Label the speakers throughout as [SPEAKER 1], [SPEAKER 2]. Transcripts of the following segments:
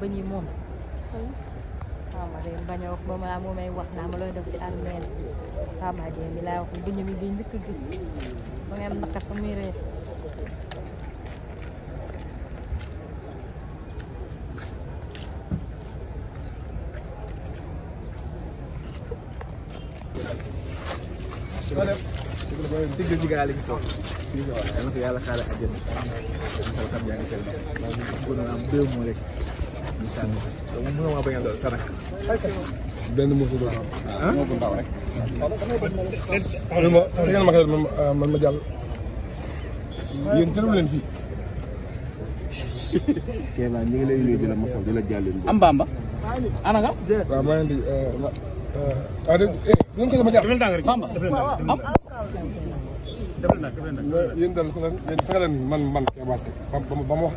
[SPEAKER 1] ba ñuy moom hmm. waaw ma leen bañ a wax ba ma laa moomay wax naa ma looy def si armeel waaw maa jee laa wax bu ñu mi di njëkk gis ba ngay am naqar fa muy reer
[SPEAKER 2] sigil si sa am xel tam yaa dama mënuma bañ a doon sa rakk benn mosu doon am. ma xel man ma jàll. yéen tëru leen fii. Kéba ñu ngi lay nuyu di la masaw di la jàll. am bamba. ana nga. waaw maa ngi leen ma jàll. bamba am. yéen daal ku ne yéen fexe leen man man Kéba Seck ba ma wax.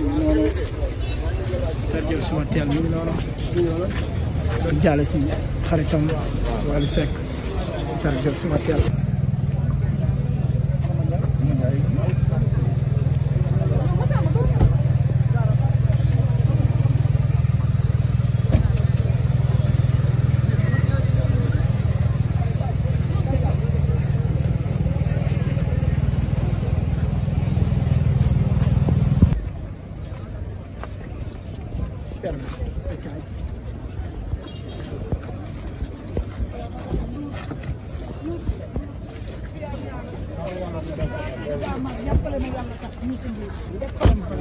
[SPEAKER 1] noonu terjël suma teel mi ngi noonu doon jaale si xaritam Wally Seck Youssou Ndour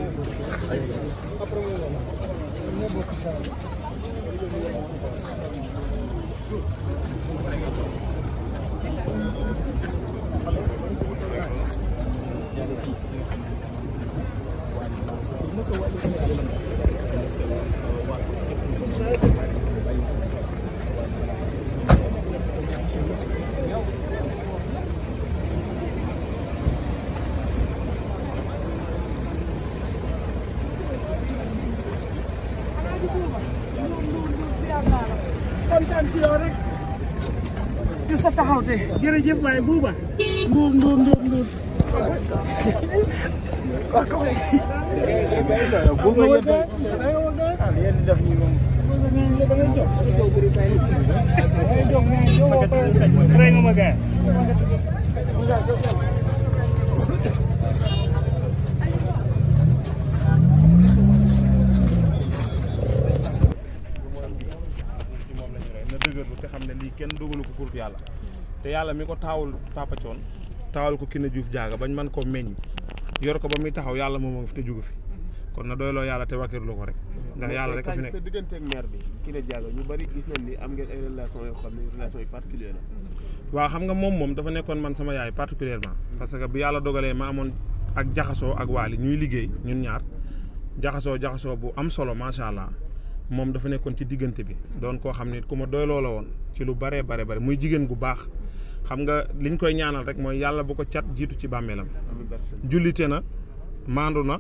[SPEAKER 1] sa taxaw te jërëjëf waaye buuba mbuub mbuub mbuub mbuub
[SPEAKER 2] te xam ne lii kenn dogalu ko pour yàlla te yàlla mi ko taawul Papa Thione taawal ko Kiné Diouf Diaga bañ man koo meñ yor ko ba muy taxaw yàlla moom moo te jógu fi kon na doyloo yàlla te wàkkirlu ko rek ndax yàlla rek a nekk diggante ak bi Kiné Diaga ñu bari gis nañ ni am ngeen ay relation yoo xam ne relation yu particulière la waaw xam nga moom moom dafa nekkoon man sama yaay particulièrement parce que bu yàlla dogalee ma amoon ak jaxasoo ak waali ñuy liggéey ñun ñaar jaxasoo jaxasoo bu am solo macha allah moom dafa nekkoon ci diggante bi doon koo xam ne ku ma doyloo la woon ci lu baree bare bare muy jigéen gu baax xam nga liñ koy ñaanal rek mooy yàlla bu ko cat jiitu ci bàmmeelam jullite na maandu na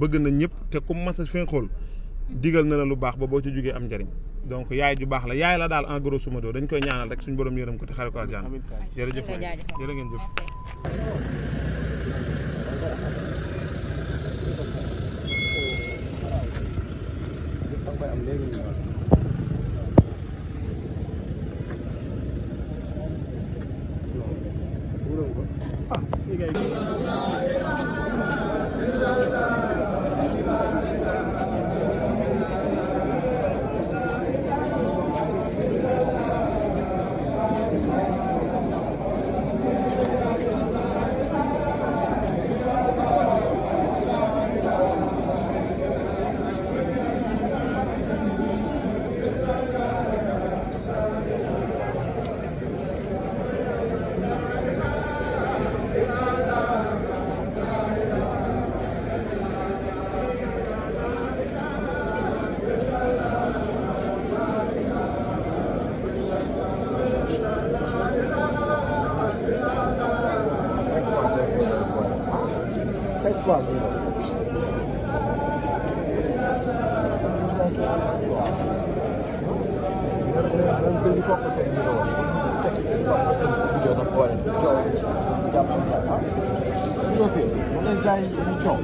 [SPEAKER 2] bëgg na ñëpp te ku mas a fin xool digal na la lu baax ba boo ci jógee am njariñ donc yaay ju baax la yaay la daal en gros suma doo dañ koy ñaanal rek suñu borom yërëm ko te xare ko aljana jërëjëf jërë ngeen jëf am
[SPEAKER 1] léegi quoi. 이렇게 저는 잘 있죠.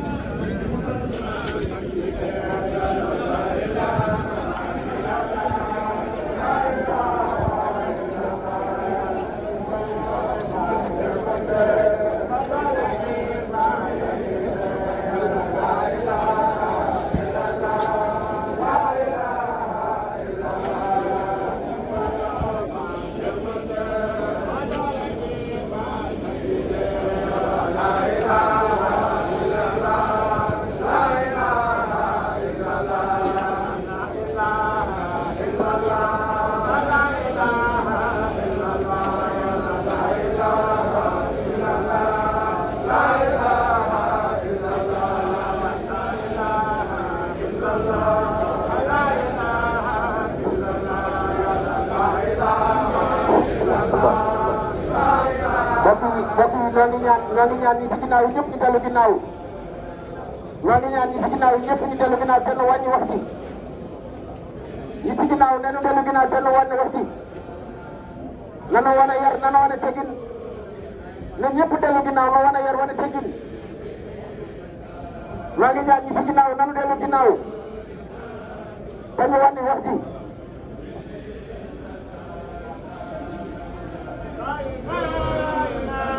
[SPEAKER 1] mbokk yi mbokk yi ñoo ngi ñaan ñoo ngi ñaan ñi ci ginnaaw ñëpp ñu dellu ginnaaw ñoo ngi ñaan ñi ci ginnaaw ñëpp ñu dellu ginnaaw kenn wàññi wax ci ñi ci ginnaaw nanu dellu ginnaaw kenn wàññi wax ci nanu wane yar nanu wane tegin na ñëpp dellu ginnaaw na wane yar wane tegin ñoo ngi ñaan ñi ci ginnaaw nanu dellu ginnaaw te ñu wàññi wax ci Fire!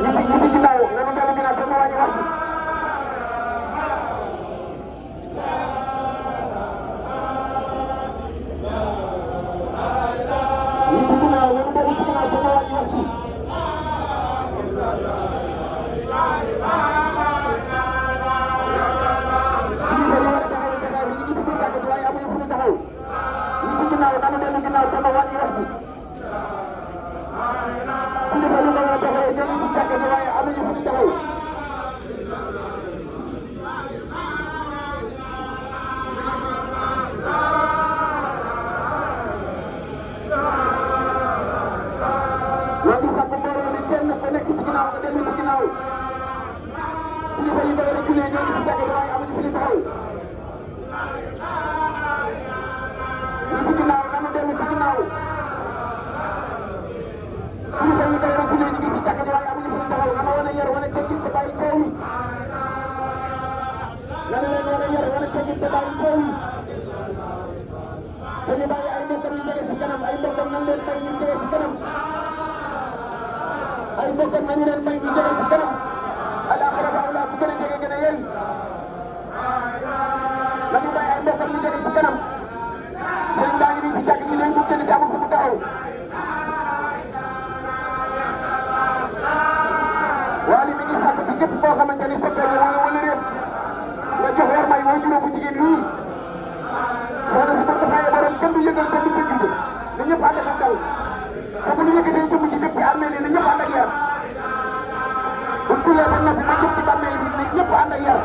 [SPEAKER 1] ñi ci ñi ci ginnaaw la ñu dellu ginnaaw sama waa ji wax ci ginnaaw nanu dellu ginnaaw sama wàññi wax ji saaga na waaye am nañu fu ñu taxaw loolu sàkk mbooloo mi kenn ku nekk ci ginnaaw dem ci ginnaaw kilifa yi bëgg a jullee ñoo ngi ci saaga na waaye am nañu fu ñu taxaw te daal di teewi dañu bàyyi ay mbokkam ñu nekk ci kanam ay mbokkam nañ leen may ñu jóge ci kanam ay mbokkam nañu leen may ñu jóge ci kanam al aqrab awla bu gën a jege gën a yey nag na jëm ci bàmmeel bi nag ñëpp ànd ak yar